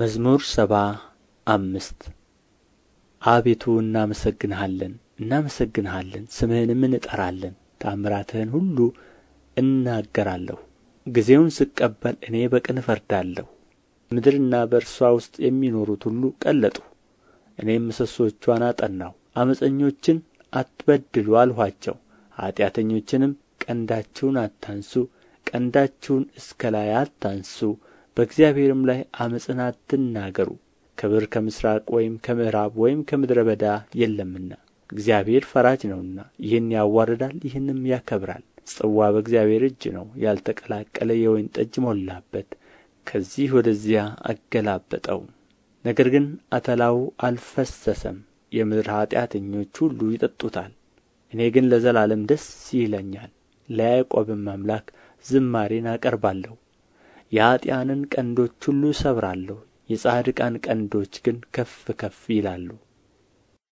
መዝሙር ሰባ አምስት አቤቱ እናመሰግንሃለን እናመሰግንሃለን ስምህንም እንጠራለን ታምራትህን ሁሉ እናገራለሁ ጊዜውን ስቀበል እኔ በቅን እፈርዳለሁ ምድርና በእርሷ ውስጥ የሚኖሩት ሁሉ ቀለጡ እኔም ምሰሶቿን አጠናሁ ዓመፀኞችን አትበድሉ አልኋቸው ኀጢአተኞችንም ቀንዳችሁን አታንሡ ቀንዳችሁን እስከ ላይ አታንሡ በእግዚአብሔርም ላይ ዓመፅን አትናገሩ ክብር ከምሥራቅ ወይም ከምዕራብ ወይም ከምድረ በዳ የለምና እግዚአብሔር ፈራጅ ነውና ይህን ያዋርዳል ይህንም ያከብራል ጽዋ በእግዚአብሔር እጅ ነው ያልተቀላቀለ የወይን ጠጅ ሞላበት ከዚህ ወደዚያ አገላበጠው ነገር ግን አተላው አልፈሰሰም የምድር ኃጢአተኞች ሁሉ ይጠጡታል እኔ ግን ለዘላለም ደስ ይለኛል ለያዕቆብም አምላክ ዝማሬን አቀርባለሁ የኀጥኣንን ቀንዶች ሁሉ እሰብራለሁ የጻድቃን ቀንዶች ግን ከፍ ከፍ ይላሉ